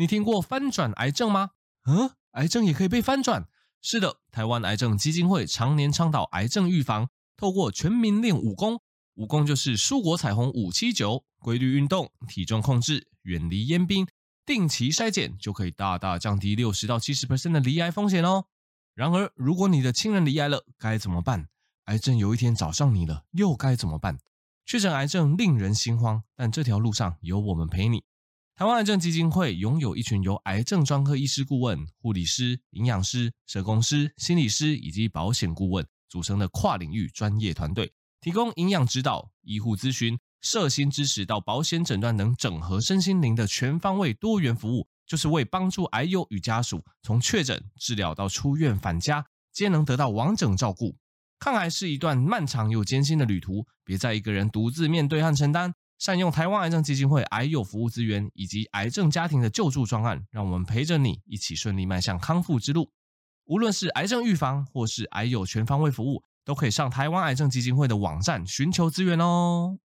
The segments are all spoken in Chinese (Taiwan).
你聽過翻轉癌症嗎？嗯、啊，癌症也可以被翻轉。是的，台灣癌症基金會常年倡導癌症預防，透過全民練武功，武功就是蔬果彩虹五七九，規律運動，體重控制，遠離菸檳，定期篩檢，就可以大大降低六十到七十%的罹癌風險哦。然而，如果你的親人罹癌了，該怎麼辦？癌症有一天找上你了，又該怎麼辦？確診癌症令人心慌，但這條路上有我們陪你。台灣癌症基金會擁有一群由癌症專科醫師、顧問、護理師、營養師、社工師、心理師以及保險顧問組成的跨領域專業團隊，提供營養指導、醫護諮詢、社心支持到保險診斷等整合身心靈的全方位多元服務，就是為幫助癌友與家屬從確診、治療到出院返家皆能得到完整照顧。抗癌是一段漫長又艱辛的旅途，別再一個人獨自面對和承擔。善用台灣癌症基金會癌友服務資源以及癌症家庭的救助方案，讓我們陪着你一起順利邁向康復之路。無論是癌症預防或是癌友全方位服務，都可以上台灣癌症基金會的網站尋求資源哦。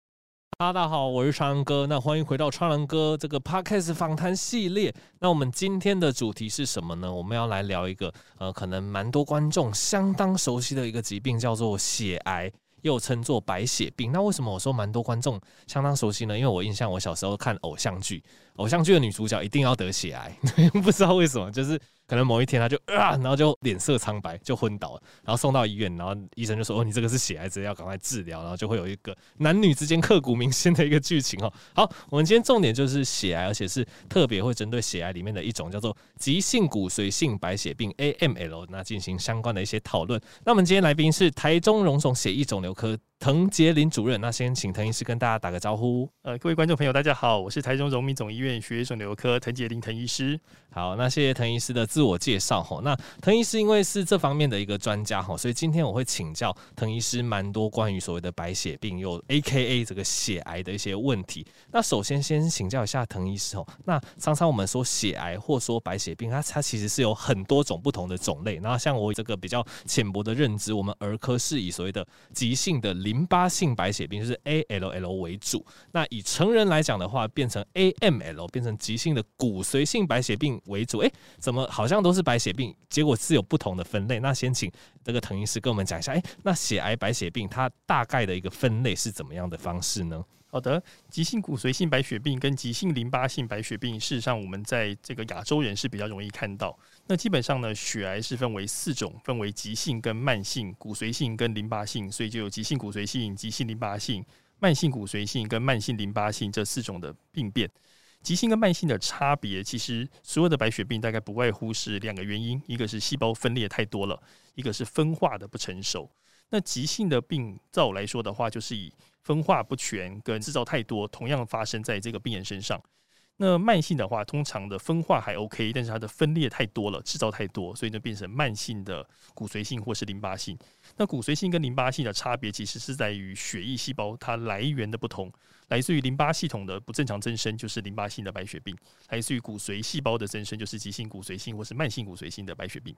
哈囉，大家好，我是蒼藍鴿，那歡迎回到蒼藍鴿這個 Podcast 訪談系列。那我們今天的主題是什麼呢？我們要來聊一個呃，可能蠻多觀眾相當熟悉的一個疾病，叫做血癌。又稱作白血病，那為什麼我說蠻多觀眾相當熟悉呢？因為我印象，我小時候看偶像劇，偶像劇的女主角一定要得血癌， 不知道為什麼，就是。可能某一天他就啊、呃，然後就臉色蒼白，就昏倒了，然後送到醫院，然後醫生就說：“哦，你這個是血癌，直接要趕快治療。”然後就會有一個男女之間刻骨銘心的一個劇情哦。好，我們今天重點就是血癌，而且是特別會針對血癌裡面的一種叫做急性骨髓性白血病 （AML） 那進行相關的一些討論。那我們今天來賓是台中榮總血液腫瘤科。滕杰林主任，那先請滕醫師跟大家打個招呼。呃，各位觀眾朋友，大家好，我是台中榮民總醫院血液腫瘤科滕杰林滕醫師。好，那謝謝滕醫師的自我介紹。吼，那滕醫師因為是這方面的一個專家，吼，所以今天我會請教滕醫師蠻多關於所謂的白血病又 AKA 這個血癌的一些問題。那首先先請教一下滕醫師。哦，那常常我們說血癌或說白血病，它、它其實是有很多種不同的種類。那像我這個比較淺薄的認知，我們兒科是以所謂的急性的淋淋巴性白血病就是 A L L 為主，那以成人來講的話，變成 A M L，變成急性的骨髓性白血病為主。誒、欸，怎麼好像都是白血病？結果是有不同的分類。那先請這個滕醫師跟我們講一下，誒、欸，那血癌白血病它大概的一個分類是怎麼樣的方式呢？好的，急性骨髓性白血病跟急性淋巴性白血病，事實上我們在這個亞洲人是比較容易看到。那基本上呢，血癌是分為四種，分為急性跟慢性、骨髓性跟淋巴性，所以就有急性骨髓性、急性淋巴性、慢性骨髓性跟慢性淋巴性這四種的病變。急性跟慢性的差別，其實所有的白血病大概不外乎是兩個原因：一個是細胞分裂太多了，一個是分化的不成熟。那急性的病灶來說的話，就是以分化不全跟製造太多，同樣發生在這個病人身上。那慢性的話，通常的分化還 OK，但是它的分裂太多了，製造太多，所以呢變成慢性的骨髓性或是淋巴性。那骨髓性跟淋巴性的差別，其實是在於血液細胞它來源的不同，來自於淋巴系統的不正常增生就是淋巴性的白血病，來自於骨髓細胞的增生就是急性骨髓性或是慢性骨髓性的白血病。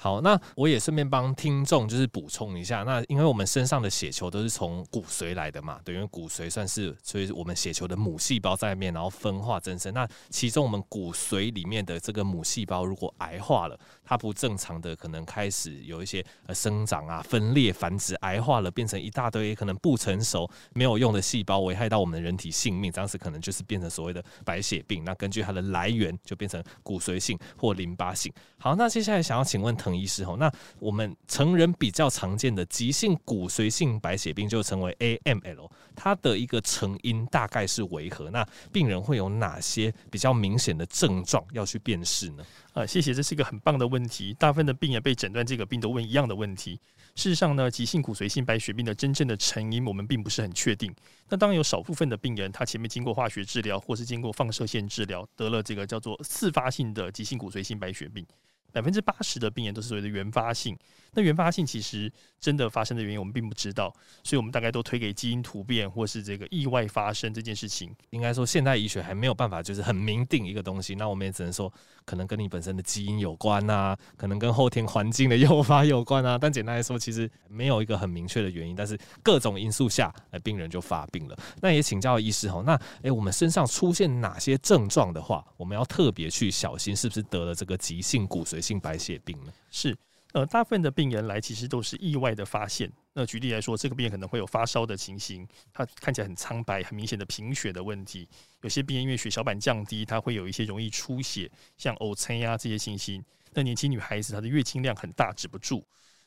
好，那我也順便幫聽眾就是補充一下，那因為我們身上的血球都是從骨髓來的嘛，對，因為骨髓算是所以我們血球的母細胞在裡面，然後分化增生。那其中我們骨髓裡面的這個母細胞如果癌化了，它不正常的，可能開始有一些呃生長啊、分裂、繁殖、癌化了，變成一大堆可能不成熟、沒有用的細胞，危害到我們的人體性命。當時可能就是變成所謂的白血病。那根據它的來源，就變成骨髓性或淋巴性。好，那接下來想要請問滕醫師，吼，那我們成人比較常見的急性骨髓性白血病就稱為 AML，它的一個成因大概是為何？那病人會有哪些比較明顯的症狀要去辨識呢？呃、啊，謝謝，這是一個很棒的問題。問題，大部分的病人被診斷這個病都問一樣的問題。事實上呢，急性骨髓性白血病的真正的成因我們並不是很確定，那當然有少部分的病人，他前面經過化學治療或是經過放射線治療，得了這個叫做自發性的急性骨髓性白血病。百分之八十的病人都是所謂的原發性。那原發性其實真的發生的原因我們並不知道，所以我們大概都推給基因突變或是這個意外發生這件事情。應該說，現代醫學還沒有辦法就是很明定一個東西，那我們也只能說可能跟你本身的基因有關啊，可能跟後天環境的誘發有關啊。但簡單來說，其實沒有一個很明確的原因，但是各種因素下，哎，病人就發病了。那也請教醫師哈。那誒，欸，我們身上出現哪些症狀的話，我們要特別去小心，是不是得了這個急性骨髓性白血病呢？是。呃，大部分的病人來其實都是意外的發現。那舉例來說，這個病人可能會有發燒的情形，他看起來很蒼白，很明顯的貧血的問題。有些病人因為血小板降低，他會有一些容易出血，像嘔血呀這些情形。那年輕女孩子她的月經量很大止不住，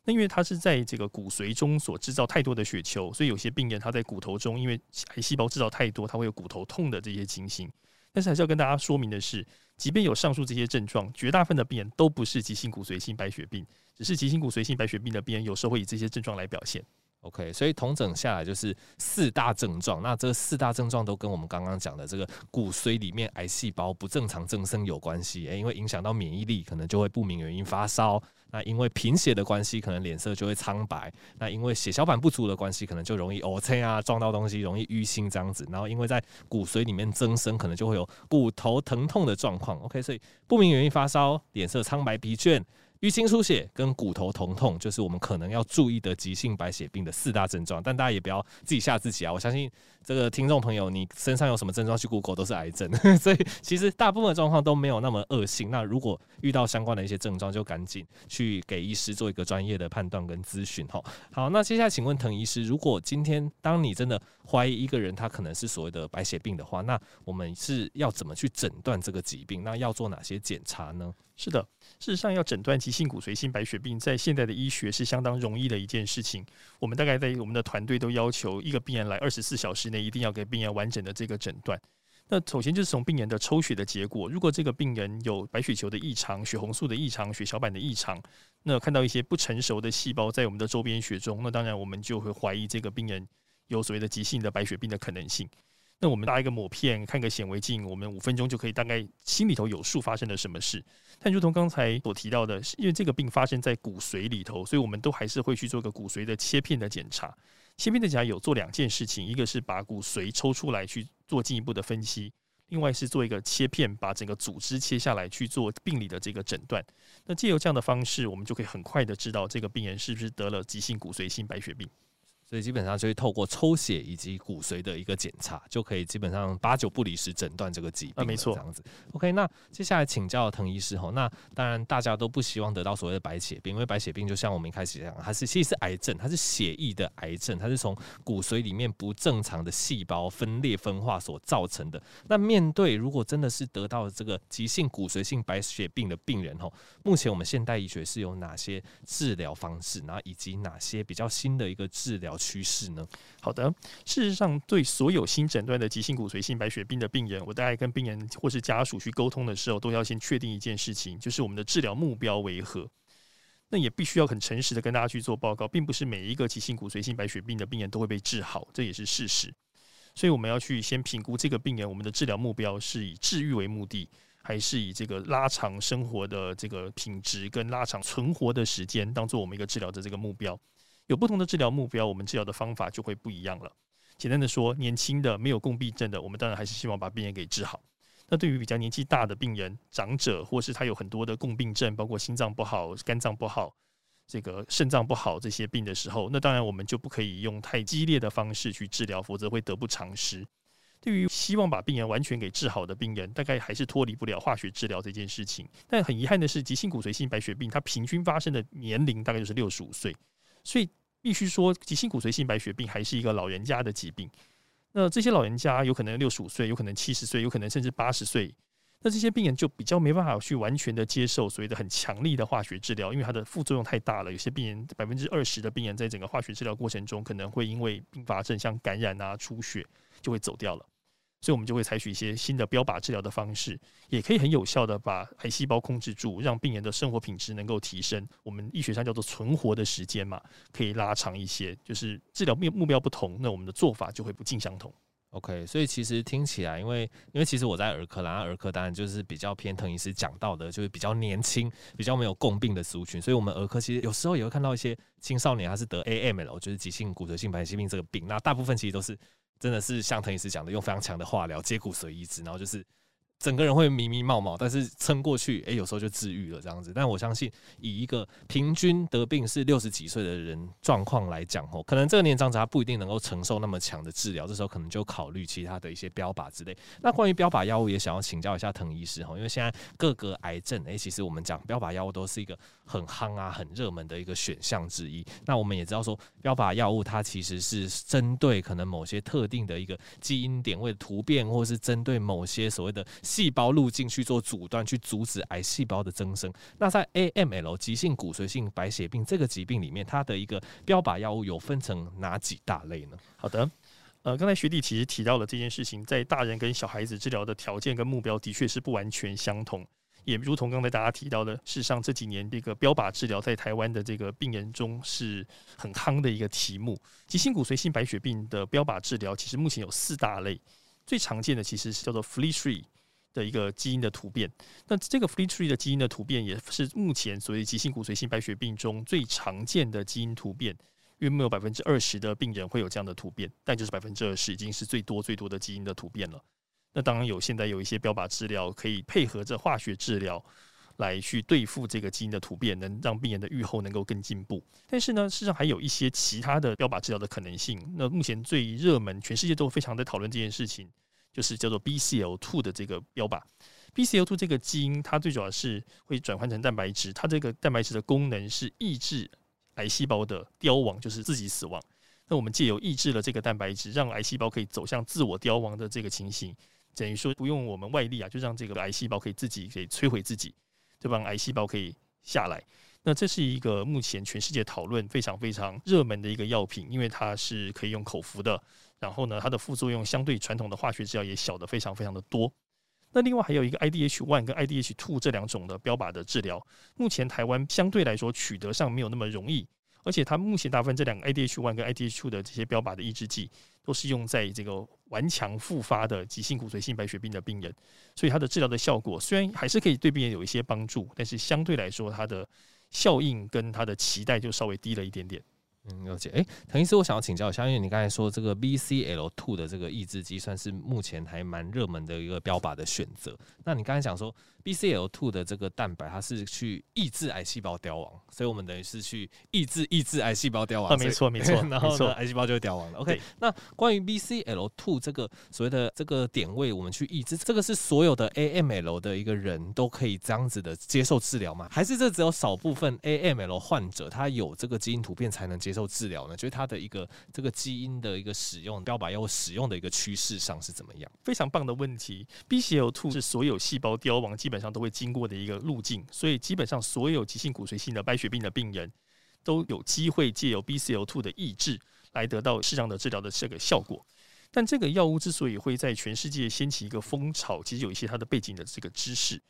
那因為她是在這個骨髓中所制造太多的血球，所以有些病人她在骨頭中因為癌細胞制造太多，她會有骨頭痛的這些情形。但是還是要跟大家說明的是，即便有上述這些症狀，絕大部分的病人都不是急性骨髓性白血病，只是急性骨髓性白血病的病人有時候會以這些症狀來表現。OK，所以統整下來就是四大症狀。那這四大症狀都跟我們剛剛講的這個骨髓裡面癌細胞不正常增生有關係，欸，因為影響到免疫力，可能就會不明原因發燒。那因為貧血的關係，可能臉色就會蒼白；那因為血小板不足的關係，可能就容易黑青啊，撞到東西容易淤青這樣子。然後因為在骨髓裡面增生，可能就會有骨頭疼痛的狀況。OK，所以不明原因發燒、臉色蒼白卷、疲倦、淤青出血、跟骨頭疼痛，痛，就是我們可能要注意的急性白血病的四大症狀。但大家也不要自己嚇自己啊！我相信這個聽眾朋友，你身上有什麼症狀去 Google 都是癌症，所以其實大部分的狀況都沒有那麼惡性。那如果遇到相關的一些症狀，就趕緊去給醫師做一個專業的判斷跟諮詢哈。好，那接下來請問滕醫師，如果今天當你真的懷疑一個人他可能是所謂的白血病的話，那我們是要怎麼去診斷這個疾病？那要做哪些檢查呢？是的，事實上，要診斷急性骨髓性白血病，在現在的醫學是相當容易的一件事情。我們大概在我們的團隊都要求，一個病人來二十四小時內一定要給病人完整的這個診斷。那首先就是從病人的抽血的結果，如果這個病人有白血球的異常、血紅素的異常、血小板的異常，那看到一些不成熟的細胞在我們的周邊血中，那當然我們就會懷疑這個病人有所謂的急性的白血病的可能性。那我們打一個抹片，看個顯微鏡，我們五分鐘就可以大概心裡頭有數發生了什麼事。但如同剛才所提到的是，因為這個病發生在骨髓裡頭，所以我們都還是會去做個骨髓的切片的檢查。切片的檢查有做兩件事情，一個是把骨髓抽出來去做進一步的分析，另外是做一個切片，把整個組織切下來去做病理的這個診斷。那借由這樣的方式，我們就可以很快的知道這個病人是不是得了急性骨髓性白血病。所以基本上就是透過抽血以及骨髓的一個檢查，就可以基本上八九不離十診斷這個疾病。沒錯，這樣子。錯 OK，那接下來請教滕醫師吼，那當然大家都不希望得到所謂的白血病，因為白血病就像我們一開始講，它是其實是癌症，它是血液的癌症，它是從骨髓裡面不正常的細胞分裂分化所造成的。那面對如果真的是得到這個急性骨髓性白血病的病人吼，目前我們現代醫學是有哪些治療方式，然後以及哪些比較新的一個治療？趨勢呢？好的，事實上，對所有新診斷的急性骨髓性白血病的病人，我大概跟病人或是家屬去溝通的時候，都要先確定一件事情，就是我們的治療目標為何？那也必須要很誠實的跟大家去做報告，並不是每一個急性骨髓性白血病的病人都會被治好，這也是事實。所以，我們要去先評估這個病人，我們的治療目標是以治癒為目的，還是以這個拉長生活的這個品質跟拉長存活的時間當做我們一個治療的這個目標。有不同的治療目標，我們治療的方法就會不一樣了。簡單的說，年輕的沒有共病症的，我們當然還是希望把病人給治好。那對於比較年紀大的病人、長者，或是他有很多的共病症，包括心臟不好、肝臟不好、這個腎臟不好這些病的時候，那當然我們就不可以用太激烈的方式去治療，否則會得不償失。對於希望把病人完全給治好的病人，大概還是脫離不了化學治療這件事情。但很遺憾的是，急性骨髓性白血病它平均發生的年齡大概就是六十五歲，所以，必須說，急性骨髓性白血病還是一個老人家的疾病。那這些老人家有可能六十五歲，有可能七十歲，有可能甚至八十歲。那這些病人就比較沒辦法去完全的接受所謂的很強力的化學治療，因為它的副作用太大了。有些病人百分之二十的病人在整個化學治療過程中，可能會因為併發症像感染啊、出血，就會走掉了。所以，我們就會採取一些新的標靶治療的方式，也可以很有效的把癌細胞控制住，讓病人的生活品質能夠提升。我們醫學上叫做存活的時間嘛，可以拉長一些。就是治療目目標不同，那我們的做法就會不盡相同。OK，所以其實聽起來，因為因為其實我在兒科啦，兒科當然就是比較偏藤醫師講到的，就是比較年輕、比較沒有共病的族群。所以我們兒科其實有時候也會看到一些青少年他是得 AML，就是急性骨髓性白血病這個病。那大部分其實都是。真的是像藤醫師講的，用非常強的化療、接骨髓移植，然後就是。整個人會迷迷冒冒，但是撐過去，誒、欸，有時候就治癒了這樣子。但我相信，以一個平均得病是六十幾歲的人狀況來講吼，可能這個年長者他不一定能夠承受那麼強的治療，這時候可能就考慮其他的一些標靶之類。那關於標靶藥物也想要請教一下滕醫師吼，因為現在各個癌症，誒、欸，其實我們講標靶藥物都是一個很夯啊、很熱門的一個選項之一。那我們也知道說，標靶藥物它其實是針對可能某些特定的一個基因點位的突變，或是針對某些所謂的。細胞路徑去做阻斷，去阻止癌細胞的增生。那在 AML 急性骨髓性白血病這個疾病裡面，它的一個標靶藥物有分成哪幾大類呢？好的，呃，剛才學弟其實提到了這件事情，在大人跟小孩子治療的條件跟目標的確是不完全相同，也如同剛才大家提到的，事實上這幾年這個標靶治療在台灣的這個病人中是很夯的一個題目。急性骨髓性白血病的標靶治療，其實目前有四大類，最常見的其實是叫做 FLT3。的一個基因的突變，那這個 FLT3 的基因的突變也是目前所謂急性骨髓性白血病中最常見的基因突變，因為沒有百分之二十的病人會有這樣的突變，但就是百分之二十已經是最多最多的基因的突變了。那當然有，現在有一些標靶治療可以配合着化學治療來去對付這個基因的突變，能讓病人的預後能夠更進步。但是呢，事實上還有一些其他的標靶治療的可能性。那目前最熱門，全世界都非常在討論這件事情。就是叫做 BCL2 的這個標靶，BCL2 這個基因它最主要是會轉換成蛋白質，它這個蛋白質的功能是抑制癌細胞的凋亡，就是自己死亡。那我們借由抑制了這個蛋白質，讓癌細胞可以走向自我凋亡的這個情形，等於說不用我們外力啊，就讓這個癌細胞可以自己給摧毀自己，對吧？癌細胞可以下來。那這是一個目前全世界討論非常非常熱門的一個藥品，因為它是可以用口服的。然後呢，它的副作用相對傳統的化學治療也小得非常非常的多。那另外還有一個 IDH one 跟 IDH two 這兩種的標靶的治療，目前台灣相對來說取得上沒有那麼容易，而且它目前大部分這兩個 IDH one 跟 IDH two 的這些標靶的抑制劑都是用在這個頑強復發的急性骨髓性白血病的病人，所以它的治療的效果雖然還是可以對病人有一些幫助，但是相對來說它的效應跟它的期待就稍微低了一點點。嗯，了解。誒、欸，滕醫師，我想要請教一下，因為你剛才說這個 BCL2 的這個抑制劑算是目前還蠻熱門的一個標靶的選擇，那你剛才講說。BCL-2 的這個蛋白，它是去抑制癌細胞凋亡，所以我們等於是去抑制抑制癌細胞凋亡。啊，沒錯沒錯，沒錯錯，癌細胞就會凋亡了。OK，對那關於 BCL-2 這個所謂的這個點位，我們去抑制，這個是所有的 AML 的一個人都可以這樣子的接受治療嗎？還是這只有少部分 AML 患者，他有這個基因突變才能接受治療呢？就是他的一個這個基因的一個使用，標靶藥物使用的一個趨勢上是怎麼樣？非常棒的問題。BCL-2 是所有細胞凋亡基基本上都會經過的一個路徑，所以基本上所有急性骨髓性的白血病的病人，都有機會借由 BCL two 的抑制來得到適當的治療的這個效果。但這個藥物之所以會在全世界掀起一個風潮，其實有一些它的背景的這個知識。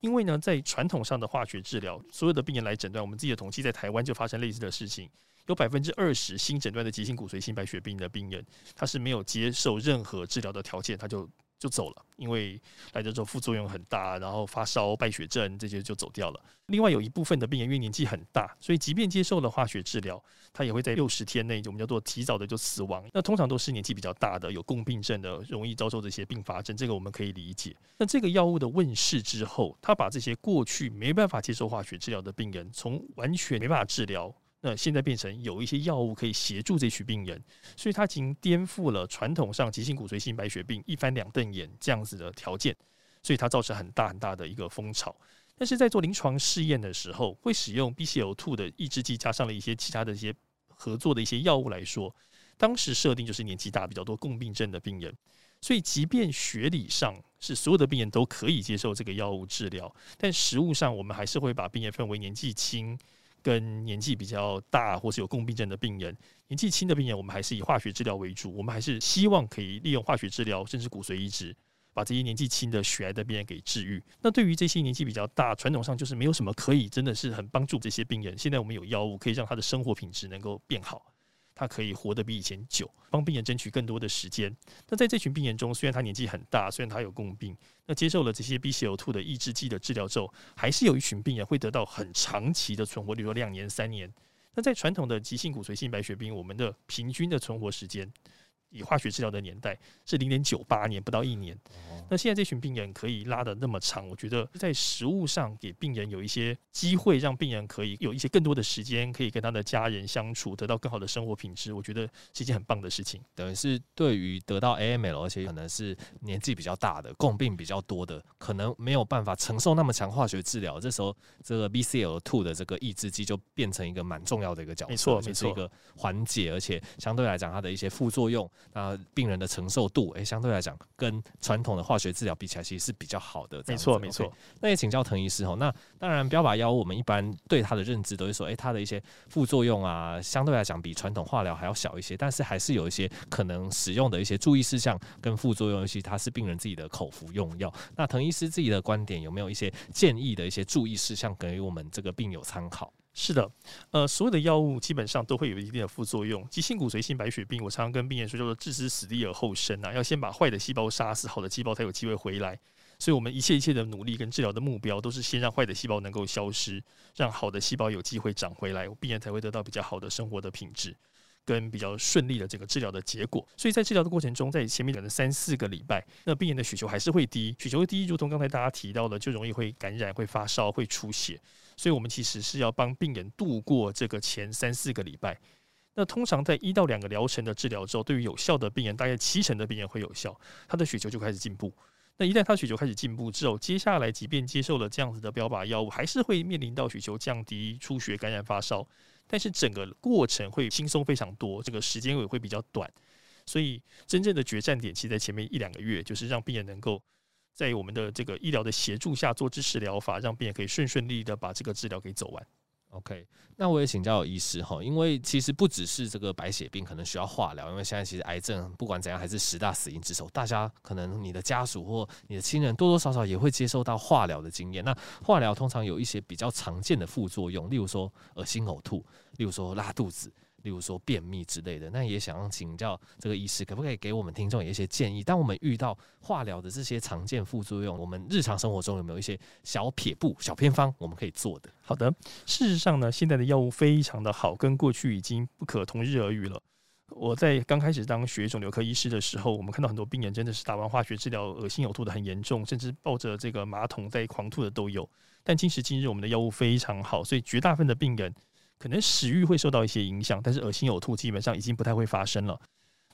因為呢，在傳統上的化學治療，所有的病人來診斷，我們自己的統計在台灣就發生類似的事情，有百分之二十新診斷的急性骨髓性白血病的病人，他是沒有接受任何治療的條件，他就。就走了，因為來的時候副作用很大，然後發燒、敗血症這些就走掉了。另外有一部分的病人因為年紀很大，所以即便接受了化學治療，他也會在六十天內，我們叫做提早的就死亡。那通常都是年紀比較大的、有共病症的，容易遭受這些併發症。這個我們可以理解。那這個藥物的問世之後，他把這些過去沒辦法接受化學治療的病人，從完全沒辦法治療。那現在變成有一些藥物可以協助這群病人，所以它已經顛覆了傳統上急性骨髓性白血病一翻兩瞪眼這樣子的條件，所以它造成很大很大的一個風潮。但是在做臨床試驗的時候，會使用 BCL two 的抑制劑加上了一些其他的一些合作的一些藥物來說，當時設定就是年紀大比較多共病症的病人，所以即便學理上是所有的病人都可以接受這個藥物治療，但實務上我們還是會把病人分為年紀輕。跟年紀比較大或是有共病症的病人，年紀輕的病人，我們還是以化學治療為主。我們還是希望可以利用化學治療，甚至骨髓移植，把這些年紀輕的血癌的病人給治癒。那對於這些年紀比較大，傳統上就是沒有什麼可以真的是很幫助這些病人，現在我們有藥物可以讓他的生活品質能夠變好。他可以活得比以前久，幫病人爭取更多的時間。那在這群病人中，雖然他年紀很大，雖然他有共病，那接受了這些 BCL2 的抑制劑的治療之後，還是有一群病人會得到很長期的存活，比如說兩年、三年。那在傳統的急性骨髓性白血病，我們的平均的存活時間，以化學治療的年代是零點九八年，不到一年。嗯、那現在這群病人可以拉的那麼長，我覺得在實務上給病人有一些機會，讓病人可以有一些更多的時間，可以跟他的家人相處，得到更好的生活品質。我覺得是一件很棒的事情。等於是對於得到 AML，而且可能是年紀比較大的、共病比較多的，可能沒有辦法承受那麼強化學治療，這時候這個 BCL2 的這個抑制劑就變成一個蠻重要的一個角色，沒錯，是一個緩解，嗯、而且相對來講，它的一些副作用。那、啊、病人的承受度，誒，相對來講，跟傳統的化學治療比起來，其實是比較好的。沒錯，沒錯。Okay. 那也請教滕醫師哦。那當然，標靶藥物，我們一般對它的認知都是說，誒，它的一些副作用啊，相對來講比傳統化療還要小一些。但是還是有一些可能使用的一些注意事項跟副作用，尤其它是病人自己的口服用藥。那滕醫師自己的觀點有沒有一些建議的一些注意事項給我們這個病友參考？是的，呃，所有的藥物基本上都會有一定的副作用。急性骨髓性白血病，我常常跟病人說叫做置之死地而後生吶，啊，要先把壞的細胞殺死，好的細胞才有機會回來。所以我們一切一切的努力跟治療的目標，都是先讓壞的細胞能夠消失，讓好的細胞有機會長回來，病人才會得到比較好的生活的品質。跟比較順利的這個治療的結果，所以在治療的過程中，在前面整個三四個禮拜，那病人的血球還是會低，血球低，如同剛才大家提到的，就容易會感染、會發燒、會出血，所以我們其實是要幫病人度過這個前三四個禮拜。那通常在一到兩個療程的治療之後，對於有效的病人，大概七成的病人會有效，他的血球就開始進步。那一旦他血球開始進步之後，接下來即便接受了這樣子的標靶藥物，還是會面臨到血球降低、出血、感染、發燒。但是整個過程會輕鬆非常多，這個時間也會比較短，所以真正的決戰點其實在前面一兩個月，就是讓病人能夠在我們的這個醫療的協助下做支持療法，讓病人可以順順利利的把這個治療給走完。OK，那我也請教醫師哈，因為其實不只是這個白血病可能需要化療，因為現在其實癌症不管怎樣還是十大死因之首，大家可能你的家屬或你的親人多多少少也會接受到化療的經驗。那化療通常有一些比較常見的副作用，例如說噁心嘔吐，例如說拉肚子。例如說便秘之類的，那也想要請教這個醫師，可不可以給我們聽眾一些建議？當我們遇到化療的這些常見副作用，我們日常生活中有沒有一些小撇步、小偏方，我們可以做的？好的，事實上呢，現在的藥物非常的好，跟過去已經不可同日而語了。我在剛開始當血液腫瘤科醫師的時候，我們看到很多病人真的是打完化學治療，噁心嘔吐的很嚴重，甚至抱着這個馬桶在狂吐的都有。但今時今日，我們的藥物非常好，所以絕大部分的病人。可能食慾會受到一些影響，但是噁心嘔吐基本上已經不太會發生了。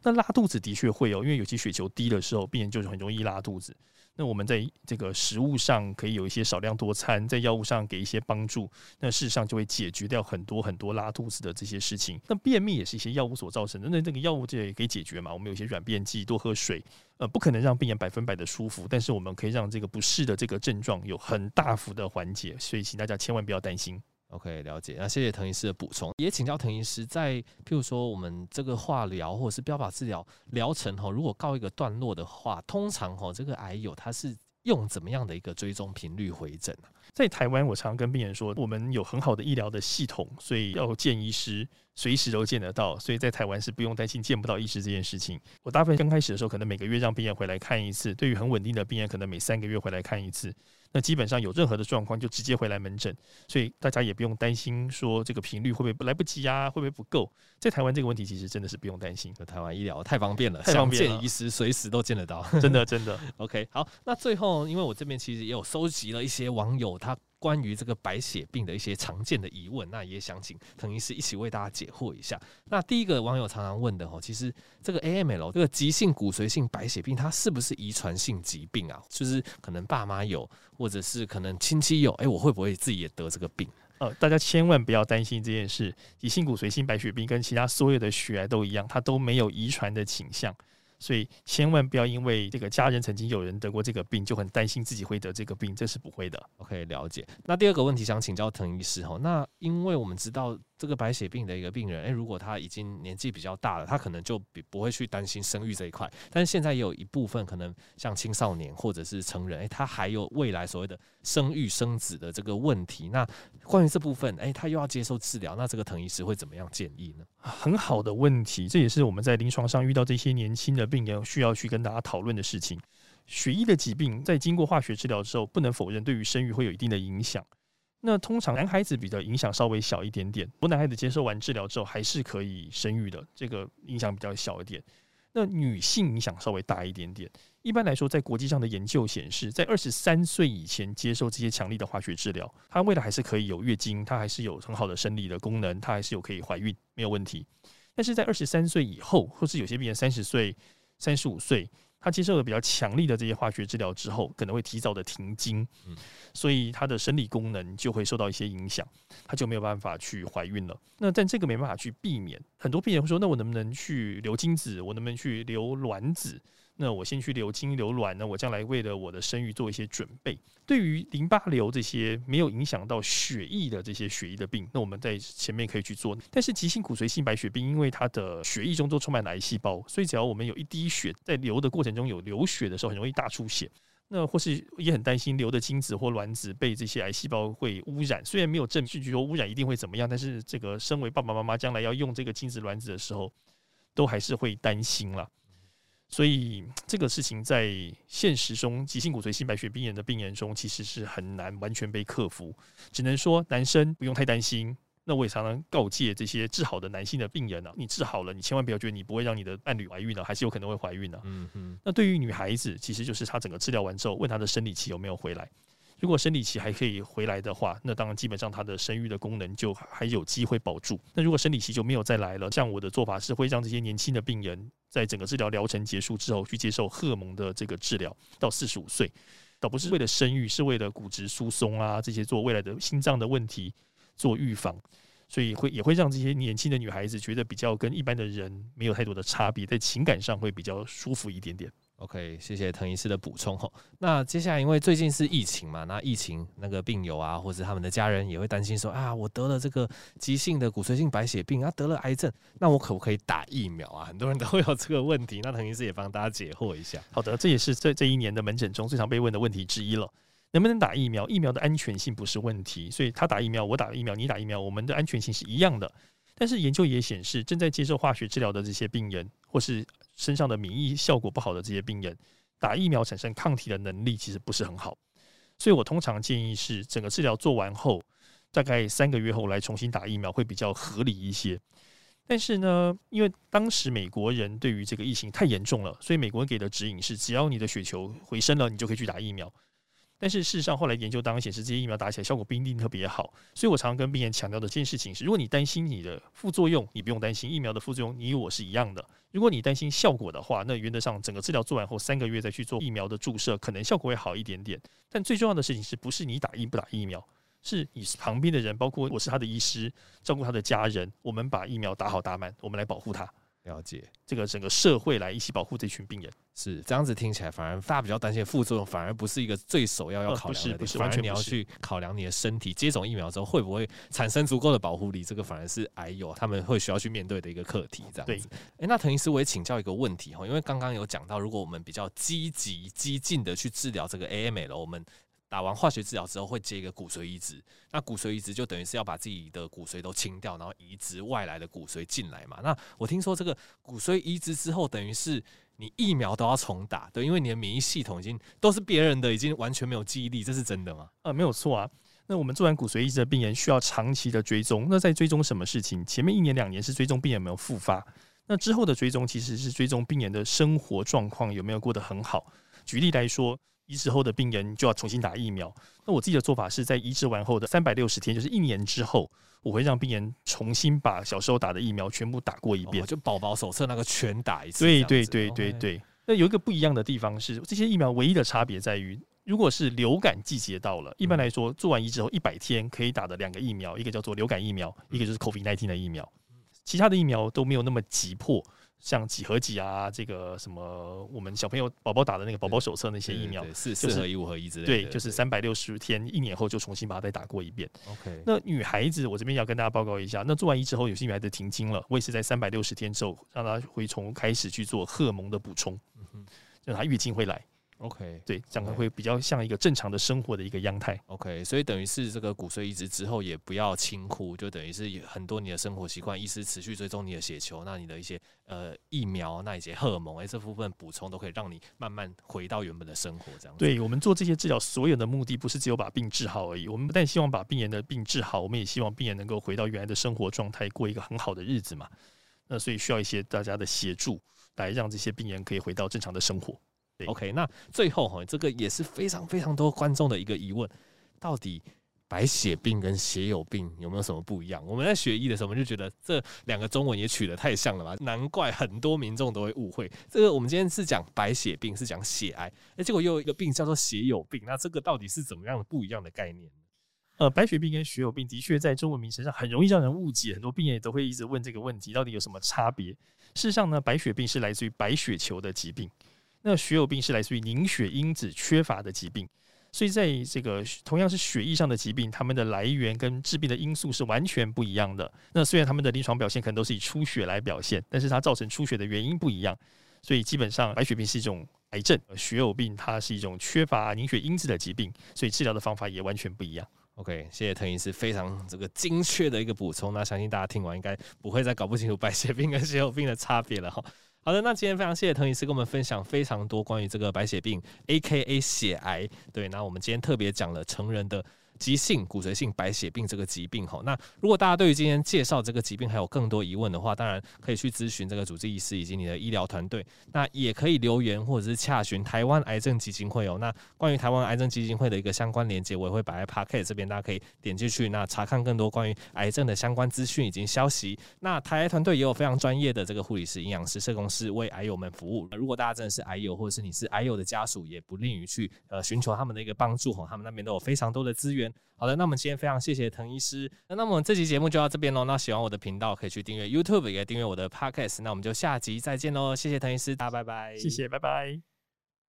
那拉肚子的確會哦，因為有些血球低的時候，病人就是很容易拉肚子。那我們在這個食物上可以有一些少量多餐，在藥物上給一些幫助，那事實上就會解決掉很多很多拉肚子的這些事情。那便秘也是一些藥物所造成的，那這個藥物這也可以解決嘛？我們有些軟便劑，多喝水。呃，不可能讓病人百分百的舒服，但是我們可以讓這個不適的這個症狀有很大幅的緩解。所以，請大家千萬不要擔心。OK，了解。那謝謝滕醫師的補充，也請教滕醫師在，在譬如說我們這個化療或者是標靶治療療程哈，如果告一個段落的話，通常哈這個癌友他是用怎麼樣的一個追蹤頻率回診啊？在台灣，我常常跟病人說，我們有很好的醫療的系統，所以要見醫師隨時都見得到，所以在台灣是不用擔心見不到醫師這件事情。我大部分剛開始的時候，可能每個月讓病人回來看一次；對於很穩定的病人，可能每三個月回來看一次。那基本上有任何的狀況，就直接回來門診，所以大家也不用擔心說這個頻率會不會來不及啊？會不會不夠？在台灣這個問題其實真的是不用擔心，台灣醫療太方便了，太方便了，想見隨時隨時都見得到，真的真的。真的 OK，好，那最後因為我這邊其實也有收集了一些網友他。關於這個白血病的一些常見的疑問，那也想請滕醫師一起為大家解惑一下。那第一個網友常常問的齁，其實這個 AML，這個急性骨髓性白血病，它是不是遺傳性疾病啊？就是可能爸媽有，或者是可能親戚有，哎、欸，我會不會自己也得這個病？呃，大家千萬不要擔心這件事。急性骨髓性白血病跟其他所有的血癌都一樣，它都沒有遺傳的傾向。所以千萬不要因為這個家人曾經有人得過這個病，就很擔心自己會得這個病，這是不會的。OK，了解。那第二個問題想請教滕醫師哦，那因為我們知道。這個白血病的一個病人，欸、如果他已經年紀比較大了，他可能就不不會去擔心生育這一塊。但是現在也有一部分可能像青少年或者是成人，欸、他還有未來所謂的生育生子的這個問題。那關於這部分、欸，他又要接受治療，那這個滕醫師會怎麼樣建議呢？很好的問題，這也是我們在臨床上遇到這些年輕的病人需要去跟大家討論的事情。血液的疾病在經過化學治療之後，不能否認對於生育會有一定的影響。那通常男孩子比較影響稍微小一點點，不過男孩子接受完治療之後還是可以生育的，這個影響比較小一點。那女性影響稍微大一點點。一般來說，在國際上的研究顯示，在二十三歲以前接受這些強力的化學治療，她未來還是可以有月經，她還是有很好的生理的功能，她還是有可以懷孕沒有問題。但是在二十三歲以後，或是有些病人三十歲、三十五歲。他接受了比較強力的這些化學治療之後，可能會提早的停經，嗯、所以他的生理功能就會受到一些影響，他就沒有辦法去懷孕了。那但這個沒辦法去避免，很多病人會說：“那我能不能去留精子？我能不能去留卵子？”那我先去留精留卵呢？那我將來為了我的生育做一些準備。對於淋巴瘤這些沒有影響到血液的這些血液的病，那我們在前面可以去做。但是急性骨髓性白血病，因為它的血液中都充滿了癌細胞，所以只要我們有一滴血在流的過程中有流血的時候，很容易大出血。那或是也很擔心流的精子或卵子被這些癌細胞會污染。雖然沒有證據說污染一定會怎麼樣，但是這個身為爸爸媽媽將來要用這個精子卵子的時候，都還是會擔心了。所以這個事情在現實中，急性骨髓性白血病人的病人中其實是很難完全被克服，只能說男生不用太擔心。那我也常常告誡這些治好的男性的病人啊，你治好了，你千萬不要覺得你不會讓你的伴侶懷孕了啊，還是有可能會懷孕的啊。嗯嗯。那對於女孩子，其實就是她整個治療完之後，問她的生理期有沒有回來？如果生理期還可以回來的話，那當然基本上她的生育的功能就還有機會保住。那如果生理期就沒有再來了，像我的做法是會讓這些年輕的病人在整個治療療程結束之後去接受荷爾蒙的這個治療，到四十五歲，倒不是為了生育，是為了骨質疏鬆啊這些做未來的心臟的問題做預防，所以會也會讓這些年輕的女孩子覺得比較跟一般的人沒有太多的差別，在情感上會比較舒服一點點。OK，謝謝滕醫師的補充吼，那接下來，因為最近是疫情嘛，那疫情那個病友啊，或者他們的家人也會擔心說，啊，我得了這個急性的骨髓性白血病啊，得了癌症，那我可不可以打疫苗啊？很多人都會有這個問題。那滕醫師也幫大家解惑一下。好的，這也是這這一年的門診中最常被問的問題之一了。能不能打疫苗？疫苗的安全性不是問題，所以他打疫苗，我打疫苗，你打疫苗，我們的安全性是一樣的。但是研究也顯示，正在接受化學治療的這些病人，或是身上的免疫效果不好的這些病人，打疫苗產生抗體的能力其實不是很好，所以我通常建議是整個治療做完後，大概三個月後來重新打疫苗會比較合理一些。但是呢，因為當時美國人對於這個疫情太嚴重了，所以美國人給的指引是，只要你的血球回升了，你就可以去打疫苗。但是事實上，後來研究當然顯示，這些疫苗打起來效果不一定特別好。所以我常跟病人強調的件事情是：如果你擔心你的副作用，你不用擔心疫苗的副作用，你與我是一樣的。如果你擔心效果的話，那原則上整個治療做完後三個月再去做疫苗的注射，可能效果會好一點點。但最重要的事情是不是你打疫不打疫苗，是你旁邊的人，包括我是他的醫師，照顧他的家人，我們把疫苗打好打滿，我們來保護他。了解，這個整個社會來一起保護這群病人。是這樣子，聽起來反而大家比較擔心副作用，反而不是一個最首要要考量的，嗯。不是，不是，完全你要去考量你的身體接種疫苗之後會不會產生足夠的保護力，這個反而是癌友他們會需要去面對的一個課題。這樣子，對欸、那滕醫師，我也請教一個問題哈，因為剛剛有講到，如果我們比較積極激進的去治療這個 AML 了，我們。打完化學治療之後，會接一個骨髓移植。那骨髓移植就等於是要把自己的骨髓都清掉，然後移植外來的骨髓進來嘛？那我聽說這個骨髓移植之後，等於是你疫苗都要重打，對，因為你的免疫系統已經都是別人的，已經完全沒有記憶力，這是真的嗎？呃，沒有錯啊。那我們做完骨髓移植的病人需要長期的追蹤。那在追蹤什麼事情？前面一年兩年是追蹤病人有沒有復發，那之後的追蹤其實是追蹤病人的生活狀況有沒有過得很好。舉例來說。移植後的病人就要重新打疫苗。那我自己的做法是在移植完後的三百六十天，就是一年之後，我會讓病人重新把小時候打的疫苗全部打過一遍，哦、就寶寶手冊那個全打一次。對對對對對。哦、嘿那有一個不一樣的地方是，這些疫苗唯一的差別在於，如果是流感季節到了，一般來說、嗯、做完移植後一百天可以打的兩個疫苗，一個叫做流感疫苗，一個就是 COVID-19 的疫苗，嗯、其他的疫苗都沒有那麼急迫。像幾何幾啊，這個什麼，我們小朋友寶寶打的那個寶寶手冊那些疫苗，四四合一五合一之類的，對，就是三百六十天對對對，一年後就重新把它再打過一遍。OK，那女孩子，我這邊要跟大家報告一下，那做完移植後有些女孩子停經了，我也是在三百六十天之後讓她回從開始去做荷爾蒙的補充，就、嗯、哼她月經會來。OK，對，這樣會比較像一個正常的生活的一個樣態。OK，所以等於是這個骨髓移植之後也不要輕忽，就等於是有很多你的生活習慣，醫師持續追蹤你的血球，那你的一些呃疫苗，那一些荷爾蒙，哎，這部分補充都可以讓你慢慢回到原本的生活，這樣。對，我們做這些治療，所有的目的不是只有把病治好而已，我們不但希望把病人的病治好，我們也希望病人能夠回到原來的生活狀態，過一個很好的日子嘛。那所以需要一些大家的協助，來讓這些病人可以回到正常的生活。對 OK，那最後哈，這個也是非常非常多觀眾的一個疑問，到底白血病跟血友病有沒有什麼不一樣？我們在學醫的時候，我們就覺得這兩個中文也取得太像了吧？難怪很多民眾都會誤會。這個我們今天是講白血病，是講血癌，結果又有一個病叫做血友病，那這個到底是怎麼樣的不一樣的概念？呃，白血病跟血友病的確在中文名稱上很容易讓人誤解，很多病人也都會一直問這個問題，到底有什麼差別？事實上呢，白血病是來自於白血球的疾病。那血友病是來自於凝血因子缺乏的疾病，所以在這個同樣是血液上的疾病，它們的來源跟致病的因素是完全不一樣的。那雖然它們的臨床表現可能都是以出血來表現，但是它造成出血的原因不一樣，所以基本上白血病是一種癌症，而血友病它是一種缺乏凝血因子的疾病，所以治療的方法也完全不一樣。OK，謝謝滕醫師非常這個精確的一個補充，那相信大家聽完應該不會再搞不清楚白血病跟血友病的差別了哈。好的，那今天非常謝謝滕醫師跟我們分享非常多關於這個白血病，AKA 血癌，對，那我們今天特別講了成人的，急性骨髓性白血病這個疾病吼，那如果大家對於今天介紹這個疾病還有更多疑問的話，當然可以去諮詢這個主治醫師以及你的醫療團隊。那也可以留言或者是洽詢台灣癌症基金會哦。那關於台灣癌症基金會的一個相關鏈接，我也會擺在 podcast 這邊，大家可以點進去那查看更多關於癌症的相關資訊以及消息。那台癌團隊也有非常專業的這個護理師、營養師、社工師為癌友們服務。如果大家真的是癌友，或者是你是癌友的家屬，也不吝於去呃尋求他們的一個幫助吼。他們那邊都有非常多的資源。好的，那我們今天非常謝謝滕醫師，那那麼我們這期節目就到這邊嘍。那喜歡我的頻道可以去訂閱 YouTube，也訂閱我的 Podcast。那我們就下集再見嘍，謝謝滕醫師，大家拜拜，謝謝，拜拜。